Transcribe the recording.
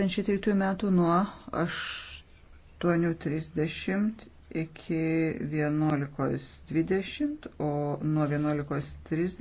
2003 metų nuo 8.30 iki 11.20, o nuo 11.30